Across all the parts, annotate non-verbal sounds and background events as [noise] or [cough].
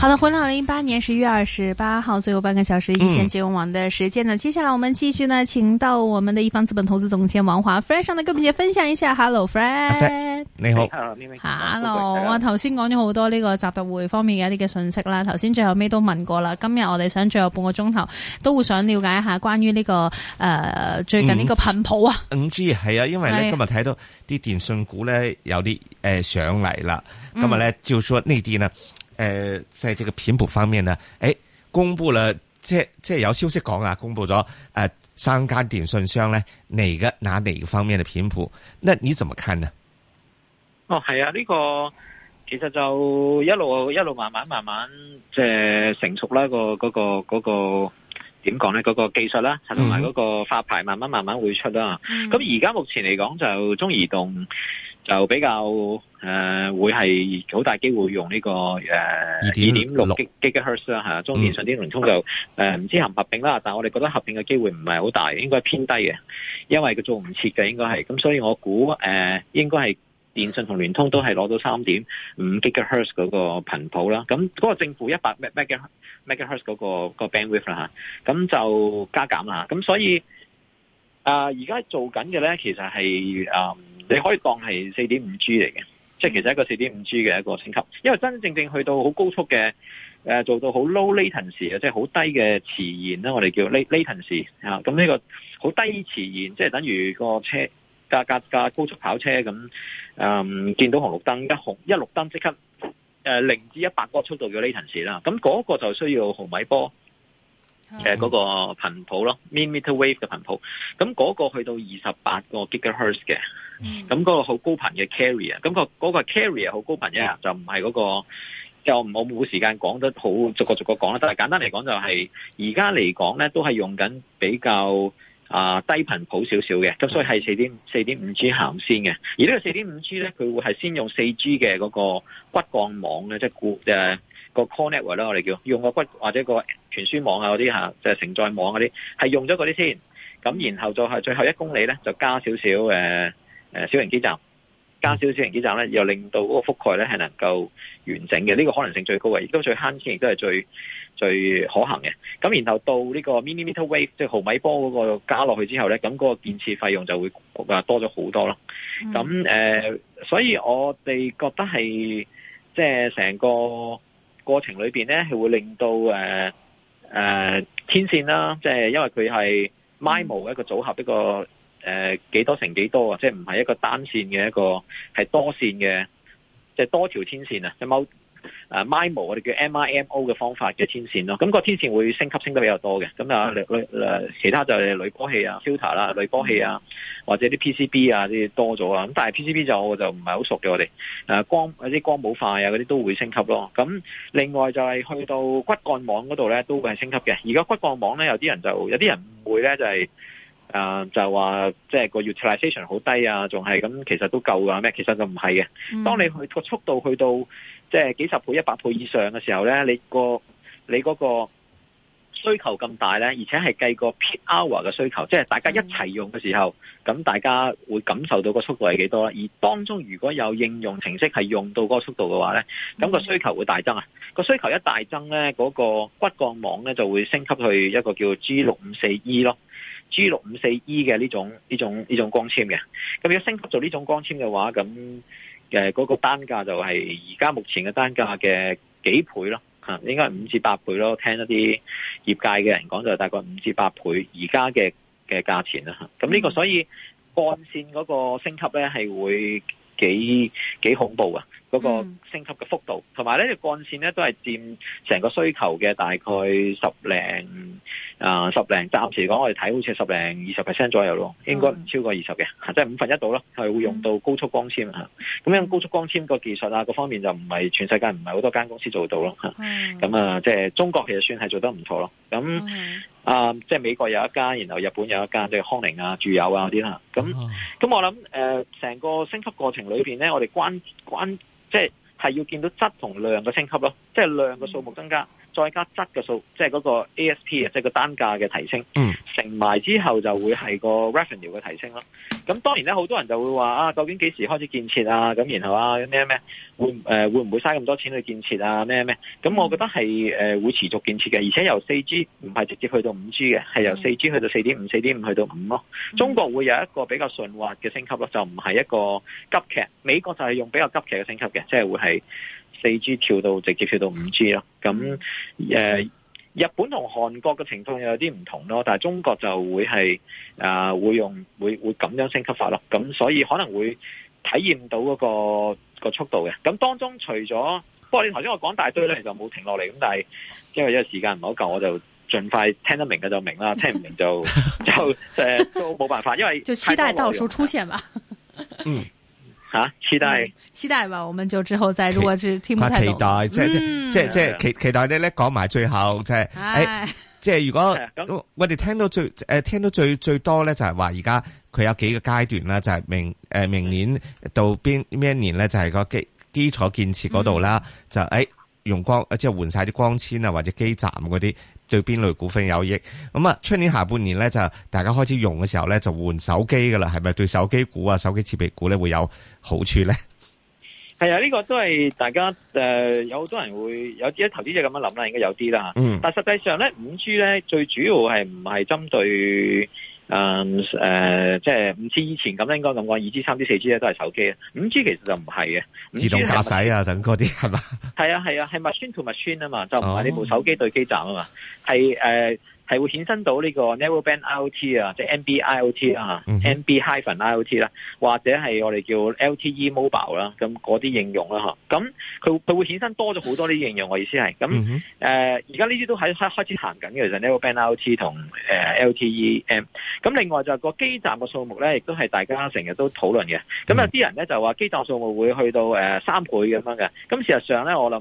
好的，回到二零一八年十一月二十八號最後半個小時一線金融網的時間呢、嗯？接下來我們繼續呢，請到我們的一方資本投資總監王華 friend 上嚟跟住分享一下。嗯、Hello Fred、啊、你好，Hello，我頭先講咗好多呢個集會方面嘅一啲嘅信息啦。頭先最後尾都問過啦，今日我哋想最後半個鐘頭都會想了解一下關於呢、這個誒、呃、最近呢個頻譜啊，五 G 係啊，因為呢今日睇到啲電訊股呢有啲誒、呃、上嚟啦、嗯，今日呢就說呢啲呢。誒、呃，在這個頻譜方面呢，誒，公布了即即有消息講啊，公布咗誒、呃、三間電信商咧，哪個拿哪個方面的頻譜？那你怎麼看呢？哦，係啊，呢、這個其實就一路一路慢慢慢慢即係成熟啦，那個嗰、那個嗰、那個點講咧，嗰、那個那個技術啦，同埋嗰個發牌慢慢慢慢會出啦、啊。咁而家目前嚟講就中移動就比較。.誒、呃，會係好大機會用呢、這個誒二點六吉赫茲啦吓，中電信、啲聯通就誒唔、mm. 呃、知合唔合併啦，但係我哋覺得合併嘅機會唔係好大，應該偏低嘅，因為佢做唔切嘅，應該係咁，所以我估誒、呃、應該係電信同聯通都係攞到三點五吉赫茲嗰個頻譜啦，咁嗰個正負一百 mega mega 赫嗰個 bandwidth 啦吓，咁就加減啦，咁所以誒而家做緊嘅咧，其實係誒、呃、你可以當係四點五 G 嚟嘅。即係其實一個 4.5G 嘅一個升級，因為真正正去到好高速嘅，誒、呃、做到好 low latency 嘅、啊，即係好低嘅遲延啦，我哋叫 lat latency 啊。咁呢個好低遲延，即係等於個車，架架架高速跑車咁，誒、嗯、見到紅綠燈一紅一綠燈即刻，誒零至一百個速度叫 latency 啦。咁嗰個就需要毫米波，誒、嗯、嗰、那個頻譜咯 millimeter wave 嘅頻譜。咁嗰個去到二十八個 gigahertz 嘅。咁、嗯、嗰、那個好高頻嘅 carrier，咁個嗰個 carrier 好高頻嘅，就唔係嗰個，就唔好冇時間講得好逐個逐個講啦。但係簡單嚟講就係、是，而家嚟講咧都係用緊比較啊低頻譜少少嘅，咁所以係四點四點五 G 鹹先嘅。而個 4.5G 呢個四點五 G 咧，佢會係先用四 G 嘅嗰個骨幹網咧，即係固誒個 connector 啦，我哋叫用個骨或者個傳輸網啊嗰啲嚇，即係承載網嗰啲，係用咗嗰啲先。咁然後就係最後一公里咧，就加少少小型基站，加少小型基站咧，又令到嗰個覆蓋咧係能夠完整嘅，呢、這個可能性最高嘅，亦都最慳錢，亦都係最最可行嘅。咁然後到呢個 mini meter wave 即係毫米波嗰個加落去之後咧，咁嗰個建設費用就會啊多咗好多咯。咁、嗯、所以我哋覺得係即係成個過程裏面咧，係會令到誒誒、呃呃、天線啦，即、就、係、是、因為佢係 MIMO 嘅一個組合、嗯、一個。誒、呃，幾多乘幾多啊？即係唔係一個單線嘅一個，係多線嘅，即係多條天線啊！即係誒 MIMO 我哋叫 MIMO 嘅方法嘅天線咯。咁、那個天線會升級升得比較多嘅。咁啊、呃，其他就係濾波器啊、filter 啦、啊、濾波器啊，或者啲 PCB 啊啲多咗啊。咁但係 PCB 就我就唔係好熟嘅我哋。誒，光有啲光譜化啊，嗰啲都會升級咯。咁另外就係去到骨幹網嗰度咧，都會係升級嘅。而家骨幹網咧，有啲人就有啲人唔會咧就係、是。啊、呃，就話即係個 utilization 好低啊，仲係咁，其實都夠啊咩？其實就唔係嘅。當你去個速度去到即係幾十倍、一百倍以上嘅時候咧，你個你嗰個需求咁大咧，而且係計個 peak hour 嘅需求，即係大家一齊用嘅時候，咁、嗯、大家會感受到個速度係幾多啦。而當中如果有應用程式係用到個個速度嘅話咧，咁個需求會大增啊。個需求一大增咧，嗰、那個骨幹網咧就會升級去一個叫 G 六五四 E 咯。G 六五四 E 嘅呢種呢種呢種光纖嘅。咁如果升級做呢種光纖嘅話，咁誒嗰個單價就係而家目前嘅單價嘅幾倍咯，嚇應該係五至八倍咯，聽一啲業界嘅人講就是大概五至八倍而家嘅嘅價錢啦，咁呢個所以幹線嗰個升級咧係會幾幾恐怖啊！嗰、那個升級嘅幅度，同、嗯、埋呢條幹線呢都係佔成個需求嘅大概十零啊、呃、十零，暫時講我哋睇好似十零二十 percent 左右咯，應該唔超過二十嘅，即、嗯、係、啊就是、五分一度咯，係會用到高速光纖咁樣、嗯啊、高速光纖個技術啊，各方面就唔係全世界唔係好多間公司做到咯咁啊，即、嗯、係、啊就是、中國其實算係做得唔錯咯。咁、嗯、啊，即、就、係、是、美國有一間，然後日本有一間，即、就、係、是、康寧啊、住友啊嗰啲啦。咁咁、嗯、我諗誒，成、呃、個升級過程裏面呢，我哋關關。關即係係要見到質同量嘅升級咯，即係量嘅數目增加。再加質嘅數，即係嗰個 ASP 啊，即係個單價嘅提升，乘埋之後就會係個 revenue 嘅提升咯。咁當然咧，好多人就會話啊，究竟幾時開始建設啊？咁然後啊，咩咩會誒會唔會嘥咁多錢去建設啊？咩咩？咁我覺得係誒會持續建設嘅，而且由四 G 唔係直接去到五 G 嘅，係由四 G 去到四點五、四點五去到五咯。中國會有一個比較順滑嘅升級咯，就唔係一個急劇。美國就係用比較急劇嘅升級嘅，即係會係。四 G 跳到直接跳到五 G 咯，咁、呃、誒，日本同韓國嘅情況又有啲唔同咯，但係中國就會係啊、呃，會用會會咁樣升級法咯，咁所以可能會體驗到嗰、那個個速度嘅。咁當中除咗，不過你頭先我講大堆咧就冇停落嚟，咁但係因為因為時間唔好夠，我就盡快聽得明嘅就明啦，聽唔明就就誒、呃、都冇辦法，因為就期待到時出現嘛。嗯。 [laughs] 吓、啊，期待、嗯，期待吧，我們就之後再，如果是聽唔太懂、啊、期待，嗯、即即即即期期，期待你咧講埋最後，即係，誒，即係如果、哦、我哋聽到最，誒、呃，聽到最最多咧，就係話而家佢有幾個階段啦，就係、是、明，誒、呃，明年到邊咩一年咧，就係、是、個基基礎建設嗰度啦，就誒、哎、用光，即係換晒啲光纖啊，或者基站嗰啲。對邊類股份有益？咁啊，出年下半年呢，就大家開始用嘅時候呢，就換手機噶啦，係咪對手機股啊、手機設備股呢會有好處呢？係啊，呢、這個都係大家誒、呃，有好多人會有啲投資者咁樣諗啦，應該有啲啦、嗯。但實際上呢，五 G 呢，最主要係唔係針對。誒、嗯，誒、呃，即係唔似以前咁，應該咁講，二 G、三 G、四 G 咧都係手機啊，五 G 其實就唔係嘅，自動駕駛啊等嗰啲係嘛？係啊係啊，係 machine to machine 啊嘛,就唔係你部手機對基站啊嘛，係、哦、誒。係會衍生到呢個 Narrowband IoT 啊，即係 NB-IoT 啊 NB-IoT 啦，或者係我哋叫 LTE Mobile 啦，咁嗰啲應用啦，嚇，咁佢佢會衍生多咗好多啲應用。我意思係，咁誒而家呢啲都喺開始行緊嘅，其實 Narrowband IoT 同誒 LTE M。咁、 [noise] 呃、另外就係個基站嘅數目咧，亦都係大家成日都討論嘅。咁、嗯、有啲人咧就話基站數目會去到誒、呃、三倍咁樣嘅。咁事實上咧，我諗。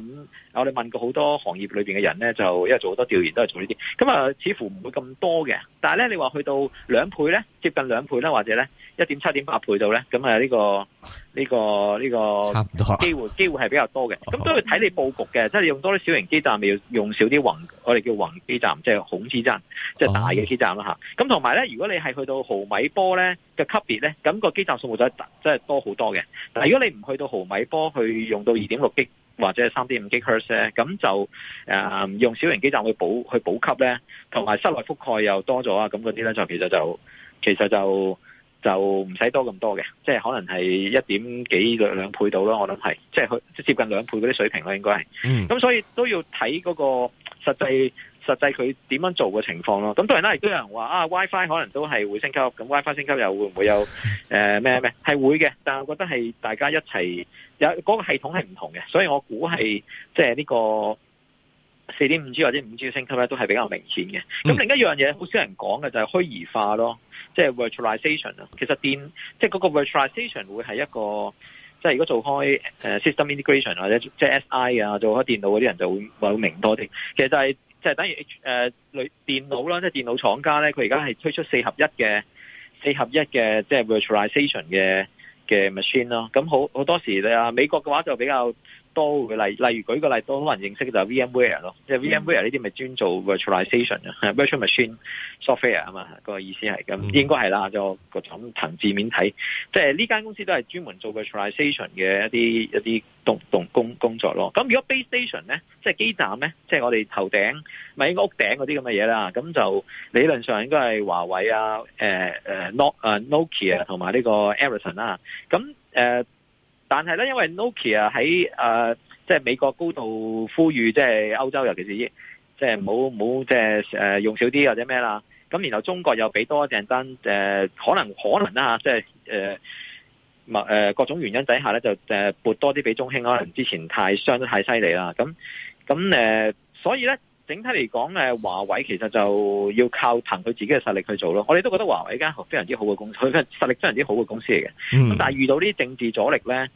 我哋問過好多行業裏面嘅人咧，就因為做好多調研都係做呢啲，咁啊、呃、似乎唔會咁多嘅。但係咧，你話去到兩倍咧，接近兩倍啦，或者咧一點七點八倍到咧，咁啊呢個呢個呢個機會機會係比較多嘅。咁都要睇你佈局嘅、哦，即係你用多啲小型基站，咪用少啲宏，我哋叫宏基站，即係孔基站，即係大嘅基站啦嚇。咁同埋咧，如果你係去到毫米波咧嘅級別咧，咁個基站數目就真係多好多嘅。但係如果你唔去到毫米波去用到二點六 G。或者係三點五吉赫茲咧，咁、呃、就用小型基站去補去補給咧，同埋室內覆蓋又多咗啊！咁嗰啲咧就其實就其實就就唔使多咁多嘅，即係可能係一點幾兩兩倍到咯。我諗係即係去接近兩倍嗰啲水平咯，應該係。咁、嗯、所以都要睇嗰個實際實際佢點樣做嘅情況咯。咁當然啦，亦都有人話啊，WiFi 可能都係會升級，咁 WiFi 升級又會唔會有誒咩咩？係、呃、會嘅，但係我覺得係大家一齊。有嗰、那個系統係唔同嘅，所以我估係即係呢個四點五 G 或者五 G 升級咧，都係比較明顯嘅。咁、嗯、另一樣嘢，好少人講嘅就係、是、虛擬化咯，即、就、係、是、virtualization 啊。其實電即係嗰個 virtualization 會係一個，即、就、係、是、如果做開 system integration 或者即係 SI 啊，做開電腦嗰啲人就會會明多啲。其實就係、是、就係、是、等於 H,、呃、類電腦啦，即、就、係、是、電腦廠家咧，佢而家係推出四合一嘅四合一嘅即係 virtualization 嘅。就是嘅 machine 咯，咁好好多時你啊，美國嘅話就比較。例，例如舉個例子，都可能認識就係 VMware 咯、嗯，即係 VMware 呢啲咪專做 virtualization 嘅 virtual machine、嗯、software 啊嘛，個意思係咁，應該係啦。就個層從字面睇，即係呢間公司都係專門做 virtualization 嘅一啲一啲動動工工作咯。咁、啊、如果 base station 咧，即係基站咧，即係我哋頭頂咪應該屋頂嗰啲咁嘅嘢啦。咁就理論上應該係華為、呃呃、Nokia, Ericsson，啊，誒誒諾啊 Nokia 同埋呢個 Ericsson 啦。咁誒。但係咧，因為 Nokia 喺誒、呃，即係美國高度呼籲，即係歐洲，尤其是即係唔好唔好即係誒用少啲，或者咩啦。咁然後中國又俾多一訂單，誒、呃、可能可能啦吓，即係誒，誒、呃呃、各種原因底下咧，就誒撥多啲俾中興，可能之前太傷得太犀利啦。咁咁誒，所以咧。整體嚟講，誒，華為其實就要靠憑佢自己嘅實力去做咯。我哋都覺得華為呢間非常之好嘅公司，佢實力非常之好嘅公司嚟嘅。嗯。但係遇到啲政治阻力咧，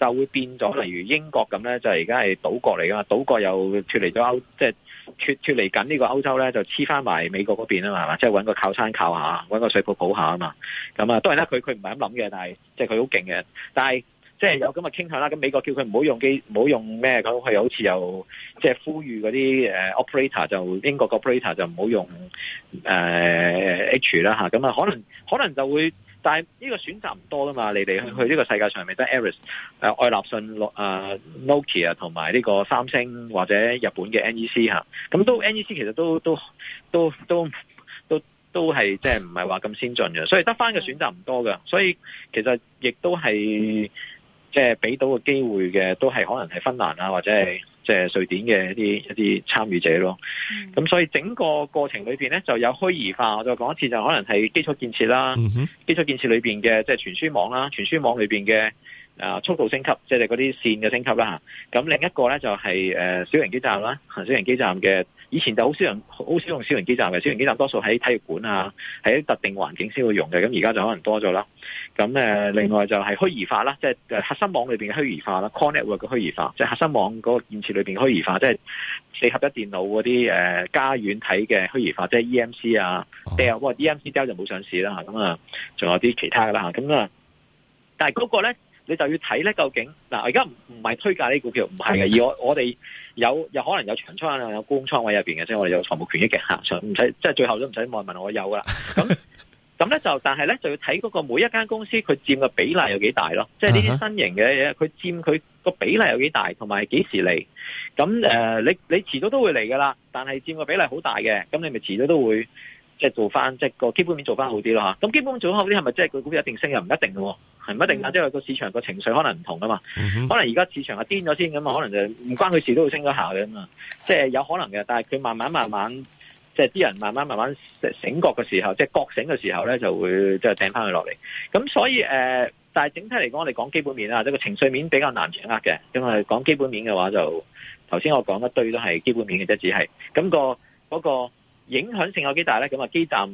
就會變咗。例如英國咁咧，就係而家係島國嚟噶，就是，嘛，島國又脫離咗歐，即係脫脫離緊呢個歐洲咧，就黐翻埋美國嗰邊啊嘛，即係搵個靠山靠下，搵個水泡補下啊嘛。咁啊，當然啦，佢佢唔係咁諗嘅，但係即係佢好勁嘅，但係。即、就、係、是、有咁嘅傾向啦，咁美國叫佢唔好用機，唔好用咩？佢好似又即係呼籲嗰啲誒 operator 就英國嘅 operator 就唔好用誒、呃、H 啦、啊、咁啊，可能可能就會，但係呢個選擇唔多噶嘛。你哋去呢個世界上係咪得 Aries 誒愛立信、諾、呃呃、Nokia 同埋呢個三星或者日本嘅 NEC 咁、啊、都 NEC 其實都都都都都都係即係唔係話咁先進嘅，所以得翻嘅選擇唔多嘅。所以其實亦都係。即係俾到個機會嘅，都係可能係芬蘭啦、啊，或者係即係瑞典嘅一啲一啲參與者咯。咁、嗯、所以整個過程裏邊咧，就有虛擬化。我再講一次就可能係基礎建設啦、嗯，基礎建設裏邊嘅即係傳輸網啦，傳輸網裏邊嘅啊速度升級，即係嗰啲線嘅升級啦嚇。咁另一個咧就係誒小型基站啦，小型基站嘅。以前就好少用，好少用小型基站嘅。小型基站多數喺體育館啊，喺特定環境先會用嘅。咁而家就可能多咗啦。咁誒，另外就係虛擬化啦，即係核心網裏邊嘅虛擬化啦，connect 嘅虛擬化，即係核心網嗰個建設裏邊嘅虛擬化，即係四合一電腦嗰啲誒家苑體嘅虛擬化，即係 EMC 啊，Dell，EMC Dell 就冇上市啦。咁啊，仲有啲其他噶啦。咁啊，但係嗰個咧。你就要睇咧，究竟嗱，而家唔係係推介呢啲股票，唔係嘅。 [laughs] 而我我哋有有可能有長倉有高倉位入面嘅，即係我哋有財務權益嘅，吓唔使，即係最後都唔使問問我有噶啦。咁咁咧就，但係咧就要睇嗰個每一間公司佢佔嘅比例有幾大咯。即係呢啲新型嘅嘢，佢佔佢個比例有幾大，同埋幾時嚟？咁、呃、你你遲早都會嚟噶啦，但係佔個比例好大嘅，咁你咪遲早都會即係做翻即係個基本面做翻好啲咯吓。咁基本做好啲，係咪即係個股票一定升又唔一定唔一定啊，即係個市場個情緒可能唔同噶嘛、嗯，可能而家市場係癲咗先咁嘛，可能就唔關佢事都會升咗下嘅嘛，即係有可能嘅。但係佢慢慢慢慢，即係啲人慢慢慢慢醒覺嘅時候，即係覺醒嘅時候咧，就會即係掟翻佢落嚟。咁所以誒、呃，但係整體嚟講，我哋講基本面啦，即係個情緒面比較難掌握嘅，因為講基本面嘅話就，就頭先我講一堆都係基本面嘅啫，只係咁個嗰個影響性有幾大咧？咁啊，基站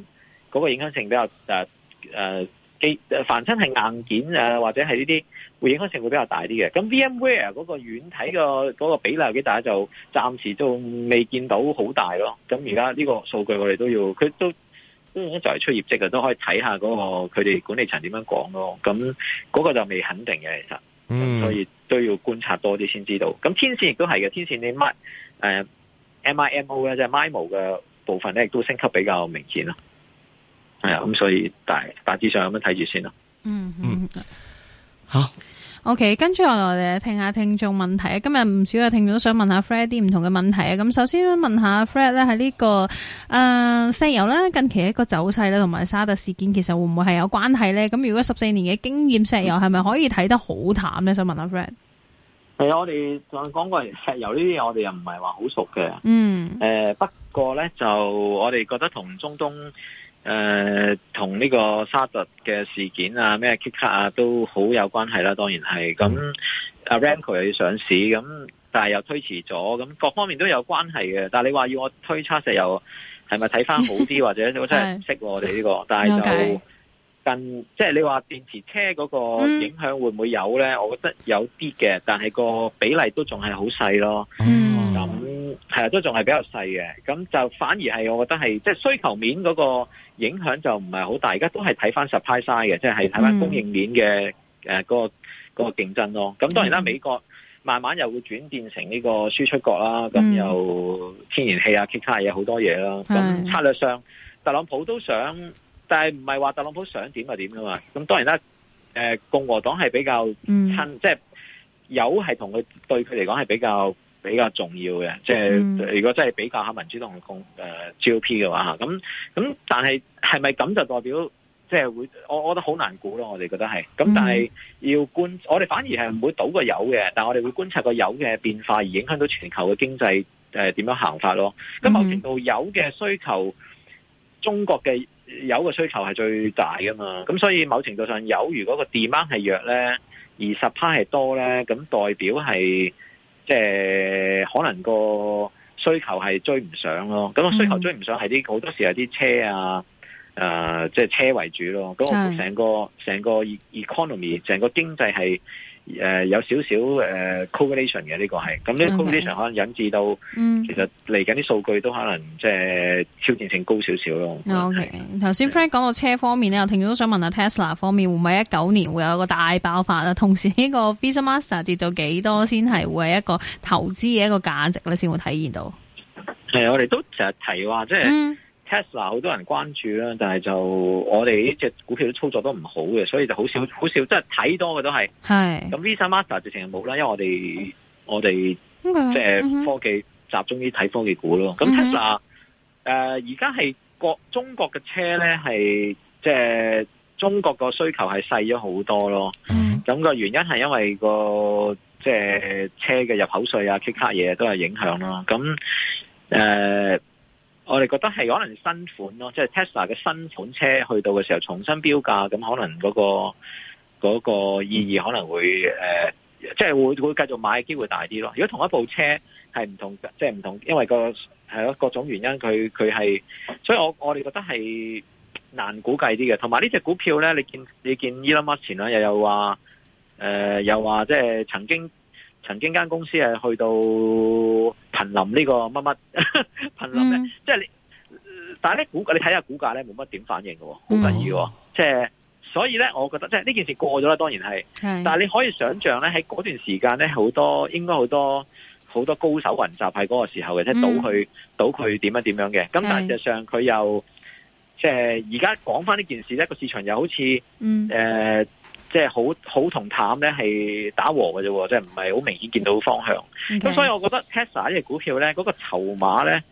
嗰個影響性比較誒誒。呃呃凡真係硬件誒，或者係呢啲，影響性會比較大啲嘅。咁 VMware 嗰個軟體個嗰比例幾大就暫時都未見到好大咯。咁而家呢個數據我哋都要，佢都都而家就係、是、出業績嘅，都可以睇下嗰個佢哋管理層點樣講咯。咁嗰、那個就未肯定嘅，其實，嗯，所以都要觀察多啲先知道。咁天線亦都係嘅，天線你乜誒 MIMO, MIMO 呢？即係 MIMO 嘅部分咧，亦都升級比較明顯啦。係、嗯嗯嗯，啊，咁所以大大致上咁樣睇住先啦。嗯嗯，好。OK，跟住我哋聽下聽眾問題啊。今日唔少嘅聽眾都想問下 Fred 啲唔同嘅問題啊。咁首先都問下 Fred 咧，喺呢、這個誒、呃、石油咧，近期一個走勢咧，同埋沙特事件，其實會唔會係有關係咧？咁如果十四年嘅經驗，石油係咪可以睇得好淡咧，嗯？想問下 Fred。係啊，我哋同講過石油呢啲嘢，我哋又唔係話好熟嘅。嗯。誒、呃，不過咧就我哋覺得同中東。誒、呃，同呢個沙特嘅事件啊，咩 Kick 卡啊，都好有關係啦。當然係咁，阿、啊、Aramco 又要上市咁，但係又推遲咗，咁各方面都有關係嘅。但係你話要我推測，石油係咪睇翻好啲， [laughs] 或者我真係唔識我哋呢、這個， [laughs] 但係就近，即係你話電池車嗰個影響會唔會有咧、嗯？我覺得有啲嘅，但係個比例都仲係好細咯。嗯係啊，都仲係比較細嘅，咁就反而係我覺得係即係需求面嗰個影響就唔係好大，而家都係睇翻 supply side 嘅，即係睇翻供應鏈嘅誒嗰個嗰個競爭咯。咁、嗯、當然啦，美國慢慢又會轉變成呢個輸出國啦，咁、嗯、又天然氣啊、其他嘢好多嘢啦。咁策略上，特朗普都想，但係唔係話特朗普想點就點噶嘛。咁當然啦，誒共和黨係比較親，即、嗯、係、就是、有係同佢對佢嚟講係比較。比較重要嘅，即係如果真係比較下民主同共誒 GDP 嘅話，咁咁，但係係咪咁就代表，即係會我我覺得好難估咯。我哋覺得係，咁但係要觀，mm. 我哋反而係唔會倒個油嘅，但係我哋會觀察個油嘅變化而影響到全球嘅經濟誒點樣行法咯。咁某程度油嘅需求，mm. 中國嘅油嘅需求係最大噶嘛。咁所以某程度上油，如果個 demand 係弱咧，二十 percent 係多咧，咁代表係。即、就、係、是、可能個需求係追唔上咯，咁、那個需求追唔上係啲好多時候啲車啊，誒、呃，即、就、係、是、車為主咯，咁我成個成個 economy，成個經濟係。誒、呃，有少少誒、呃、correlation 嘅呢、這個係，咁呢 correlation 可能引致到，okay. 其實嚟緊啲數據都可能即係挑戰性高少少咯。OK，頭先 Frank 講到車方面咧，我聽眾都想問下 Tesla 方面，會唔會一九年會有一個大爆發啊？同時呢個 Visa Master 跌到幾多先係會係一個投資嘅一個價值咧，先會體現到？係、呃，我哋都成日提話即係。嗯 Tesla 好多人關注啦，但係就我哋呢隻股票都操作都唔好嘅，所以就好少好少，即係睇多嘅都係。係咁，Visa Master 就直情冇啦，因為我哋我哋、okay. 即係科技集中於睇科技股咯。咁 Tesla，誒而家係國中國嘅車咧，係即係中國個需求係細咗好多咯。咁、okay. 個原因係因為、那個即係車嘅入口稅啊、其他嘢都係影響咯、啊。咁誒。呃我哋覺得係可能新款咯，即係 Tesla 嘅新款車去到嘅時候重新標價，咁可能嗰個嗰個意義可能會誒，即係會會繼續買嘅機會大啲咯。如果同一部車係唔同，即係唔同，因為個係咯各種原因，佢佢係，所以我我哋覺得係難估計啲嘅。同埋呢隻股票咧，你見你見 Elon Musk 咧，又有話誒，又話即係曾經。曾經間公司係去到瀕臨、mm. [laughs] 呢個乜乜瀕臨咧，即、就、係、是、你，但係咧股價你睇下股價咧冇乜點反應嘅，好怪異嘅，即、mm. 係、就是、所以咧，我覺得即係呢件事過咗啦，當然係，但係你可以想象咧喺嗰段時間咧，好多應該好多好多高手雲集喺嗰個時候嘅，即、就、係、是、賭佢、mm. 賭佢點樣點樣嘅。咁但係實際上佢又即係而家講翻呢件事咧，個市場又好似誒。Mm. 呃即係好好同淡咧係打和嘅啫，即係唔係好明顯見到方向。咁、okay. 所以我覺得 Tesla 呢隻股票咧，嗰、那個籌碼咧，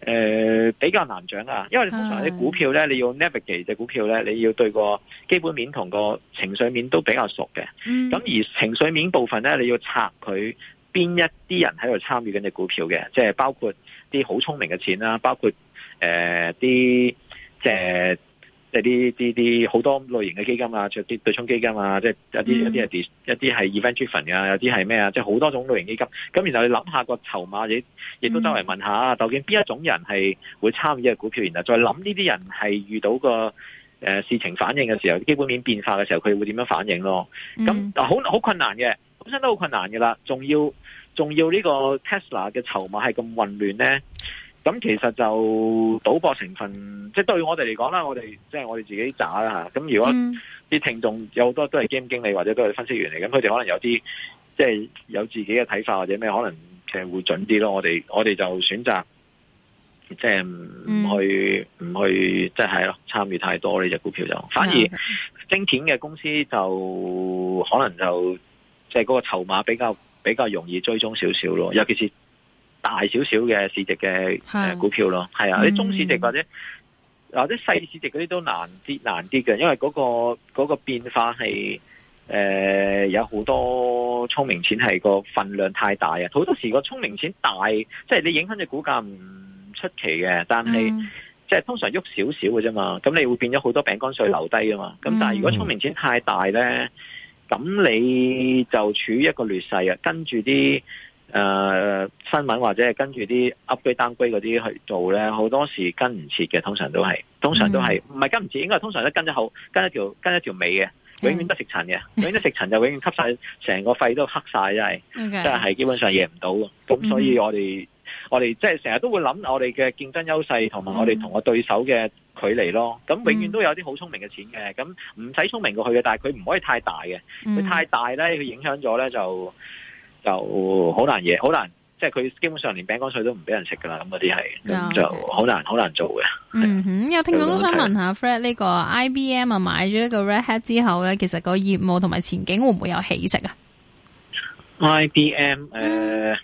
誒、呃、比較難掌啊。因為通常啲股票咧，你要 navigate 隻股票咧，你要對個基本面同個情緒面都比較熟嘅。咁、mm. 而情緒面部分咧，你要察佢邊一啲人喺度參與緊隻股票嘅，即、就、係、是、包括啲好聰明嘅錢啦，包括誒啲即係。呃即係啲啲啲好多類型嘅基金啊，除啲對沖基金啊，即係、mm. 一啲一啲係一啲係 event-driven 嘅，有啲係咩啊？即係好多種類型基金。咁然後你諗下個籌碼，你亦都周圍問下，究竟邊一種人係會參與呢個股票？然後再諗呢啲人係遇到個誒、呃、事情反應嘅時候，基本面變化嘅時候，佢會點樣反應咯？咁好好困難嘅，本身都好困難嘅啦，仲要仲要呢個 Tesla 嘅籌碼係咁混亂咧。咁其實就賭博成分，即、就、係、是、對我哋嚟講啦，我哋即係我哋自己揸啦，咁如果啲聽眾有好多都係 game 經理，或者都係分析員嚟，咁佢哋可能有啲即係有自己嘅睇法或者咩，可能其實會準啲咯。我哋我哋就選擇即係唔去唔去，即係咯，參與太多呢隻股票，就反而精選嘅公司就可能就即係嗰個籌碼比較比較容易追蹤少少咯，尤其是。大少少嘅市值嘅股票咯，係啊，啲中市值或者、嗯、或者細市值嗰啲都難啲難啲嘅，因為嗰、那個嗰、那個變化係誒、呃、有好多聰明錢係個份量太大啊，好多時個聰明錢大，即、就、係、是、你影響隻股價唔出奇嘅，但係即係通常喐少少嘅啫嘛，咁你會變咗好多餅乾碎留低啊嘛，咁、嗯、但係如果聰明錢太大咧，咁你就處於一個劣勢啊，跟住啲。嗯誒、呃，新聞或者係跟住啲 upgrade downgrade 嗰啲去做咧，好多時跟唔切嘅，通常都係，通常都係唔係跟唔切，應該係通常都跟咗好，跟一條跟一條尾嘅，永遠都食塵嘅、嗯，永遠都食塵就永遠吸晒成 [laughs] 個肺都黑晒，真係真係基本上贏唔到。咁所以我哋、嗯、我哋即係成日都會諗我哋嘅競爭優勢同埋我哋同我對手嘅距離咯。咁、嗯、永遠都有啲好聰明嘅錢嘅，咁唔使聰明過去嘅，但係佢唔可以太大嘅，佢、嗯、太大咧，佢影響咗咧就。就好難嘢，好難，即係佢基本上連餅乾碎都唔俾人食噶啦，咁嗰啲係，就好難，好難做嘅。嗯哼，有聽眾都想問下 Fred 呢、呢個 IBM 啊，買咗呢個 Red Hat 之後咧，其實個業務同埋前景會唔會有起色啊？IBM 誒、呃嗯，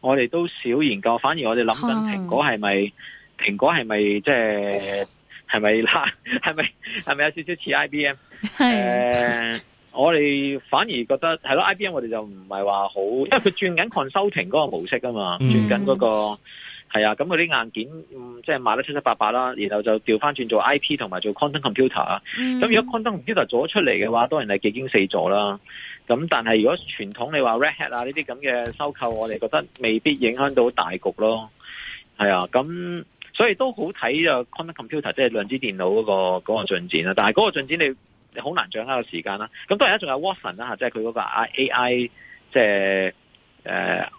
我哋都少研究，反而我哋諗緊蘋果係咪，蘋、嗯、果係咪即係，係咪啦，係咪係咪有少少似 IBM？係。呃 [laughs] 我哋反而覺得係咯，IBM 我哋就唔係話好，因為佢轉緊 consulting 嗰個模式啊嘛，轉緊嗰個係啊，咁佢啲硬件即係賣得七七八八啦，然後就調翻轉做 IP 同埋做 quantum computer。咁、嗯、如果 quantum computer 做咗出嚟嘅話，當然係幾經四座啦。咁但係如果傳統你話 Red Hat 啊呢啲咁嘅收購，我哋覺得未必影響到大局咯。係啊，咁所以都好睇啊 quantum computer，即係量子電腦嗰個嗰個進展啦。但係嗰個進展你。你好難掌握個時間啦，咁當然仲有 Watson 啦，即係佢嗰個 AI，即係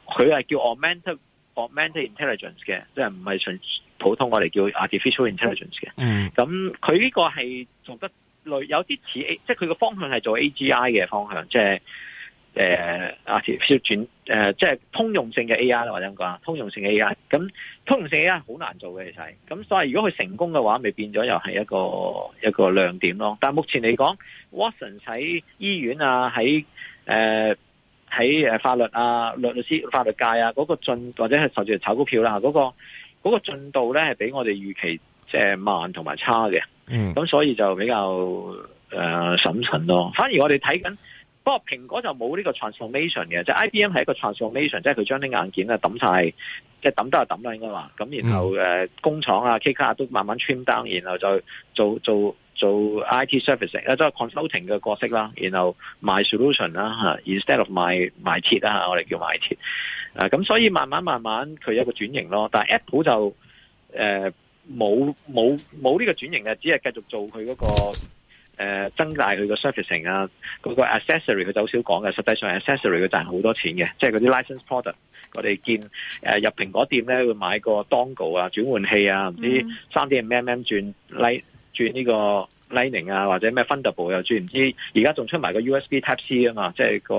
佢係叫 Augmented Intelligence 嘅，即係唔係純普通我哋叫 Artificial Intelligence 嘅。嗯咁佢呢個係做得類有啲似，即係佢個方向係做 AGI 嘅方向，即係。誒、呃、啊！少轉誒，即係通用性嘅 AI 啦，或者點講通用性嘅 AI，咁通用性 AI 好難做嘅，其實。咁所以如果佢成功嘅話，咪變咗又係一個一個亮點咯。但係目前嚟講，Watson 喺醫院啊，喺誒喺誒法律啊律律師法律界啊，嗰個進或者係甚至係炒股票啦，嗰個嗰個進度咧係比我哋預期即係慢同埋差嘅。嗯。咁所以就比較誒、呃、審慎咯。反而我哋睇緊。不過蘋果就冇呢個 transformation 嘅，即、就、係、是、IBM 係一個 transformation，即係佢將啲硬件啊揼晒，即係揼得就揼啦，應該話咁。然後誒、嗯呃、工廠啊、K 卡啊都慢慢 trim down，然後就做做做，做 IT servicing 即、啊、係 consulting 嘅角色啦。然後賣 solution 啦 instead of 賣賣設啦。我哋叫賣設，咁所以慢慢慢慢佢有個轉型咯，但係 Apple 就誒冇冇冇呢個轉型嘅，只係繼續做佢嗰、那個。誒、呃、增大佢個 surfacing 啊，嗰個 accessory 佢就好少講嘅，實際上 accessory 佢賺好多錢嘅，即係嗰啲 license product 我。我哋見誒入蘋果店咧會買個 dongle 啊、轉換器啊，唔知三點五 mm 轉 lig 轉呢個 lightning 啊，或者咩 Thunderbolt 又轉，唔知而家仲出埋個 USB Type C 啊嘛，即係個、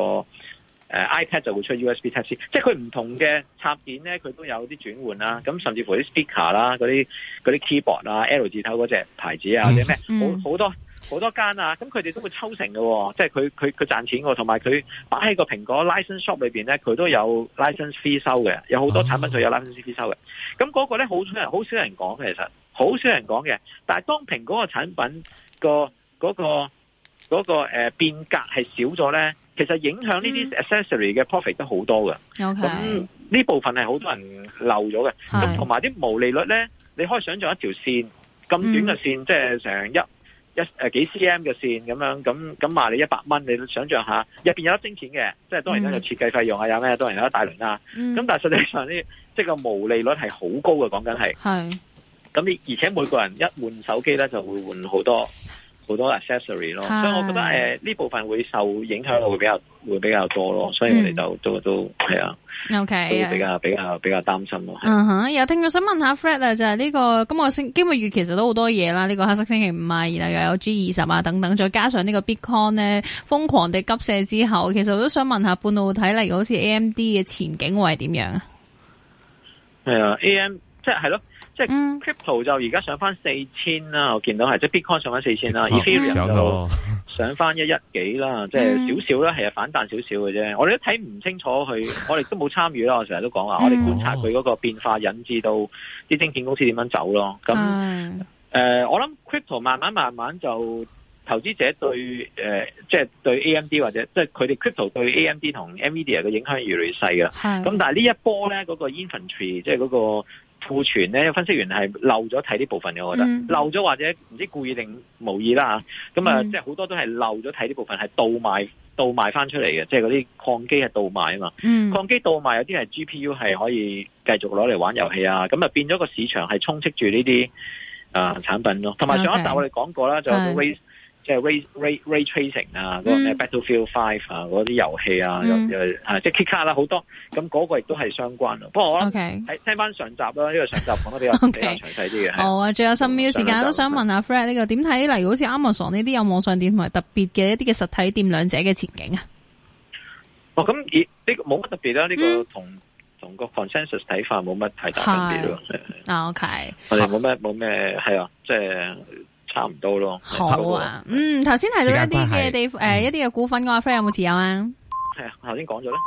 呃、iPad 就會出 USB Type C，即係佢唔同嘅插件咧，佢都有啲轉換啦。咁甚至乎啲 speaker 啦、啊、嗰啲啲 keyboard 啦、啊、L 字頭嗰隻牌子啊、嗯、或者咩、嗯，好多。好多間啊！咁佢哋都會抽成嘅、哦，即係佢佢佢賺錢嘅，同埋佢擺喺個蘋果 license shop 裏面咧，佢都有 license fee 收嘅，有好多產品佢有 license fee 收嘅。咁嗰個咧好少人，好少人講嘅其實，好少人講嘅。但係當蘋果個產品、嗰個嗰、嗰個嗰、嗰個嗰個變革係少咗咧，其實影響呢啲 accessory 嘅 profit 都好多嘅。咁、okay. 呢部分係好多人漏咗嘅。咁同埋啲毛利率咧，你可以想象一條線咁短嘅線，嗯、即係成一。一誒幾 cm 嘅線咁樣咁咁賣你一百蚊，你想象下，入邊有粒晶片嘅，即係當然有設計費用啊，有咩，當然有一、嗯、大輪啦。咁、嗯、但係實際上呢，即係個毛利率係好高嘅，講緊係。係。咁而且每個人一換手機咧，就會換好多。好多 accessory 咯，所以我覺得誒呢、呃、部分會受影響會比較會比較多咯，所以我哋就都都係啊，都，都，okay, 都比較、yeah. 比較比較擔心咯。嗯哼，uh-huh, 又聽我想問下 Fred 啊，就係呢個今個星今個月其實都好多嘢啦，呢、這個黑色星期五啊，然後又有 G 二十啊等等，再加上呢個 Bitcoin 咧瘋狂地急瀉之後，其實我都想問下半導體，例如好似 AMD 嘅前景會係點樣啊？係啊，AM。即係咯，即係 crypto 就而家上翻四千啦，我見到係，即係 bitcoin 上翻四千啦，ethereum 上翻一、嗯、一幾啦，即係少少啦，係、就是、反彈少少嘅啫。我哋都睇唔清楚佢， [laughs] 我哋都冇參與啦。我成日都講話、嗯，我哋觀察佢嗰個變化，引致到啲證券公司點樣走咯。咁誒、嗯呃，我諗 crypto 慢慢慢慢就投資者對誒，即、呃、係、就是、對 AMD 或者即係佢哋 crypto 對 AMD 同 NVIDIA 嘅影響越嚟越細嘅。咁但係呢一波咧，嗰、那個 i n f a n t r y 即係嗰、那個。庫存咧，分析員係漏咗睇呢部分嘅，我覺得、嗯、漏咗或者唔知故意定無意啦，吓咁啊，即係好多都係漏咗睇呢部分，係倒賣、倒賣翻出嚟嘅，即係嗰啲礦機係倒賣啊嘛、嗯。礦機倒賣有啲係 GPU 係可以繼續攞嚟玩遊戲啊，咁啊變咗個市場係充斥住呢啲啊產品咯。同埋上一集我哋講過啦，就、okay, no。Ray Ray Ray tracing 啊，嗰個咩 Battlefield Five 啊，嗰啲遊戲啊，即係 k 卡啦，好、啊就是啊、多咁嗰、那個亦都係相關的不過我看、okay. 聽翻上集啦，呢、這個上集講得比較詳細啲嘅。好、okay. 啊，仲、okay. 哦、有十秒時間，都想問下 Fred 呢、這個點睇？例如好似 Amazon 呢啲有網上店同埋特別嘅一啲嘅實體店，兩者嘅前景啊？哦，咁呢個冇乜特別啦，呢、這個同同、嗯、個 consensus 睇法冇乜太大分別咯。OK 冇咩冇咩係啊，即、okay. 係。 [laughs] 差唔多咯，好啊，嗯，頭先提到一啲嘅地，誒、呃，一啲嘅股份嘅 friend、嗯啊、有冇持有啊？係啊，頭先講咗咧。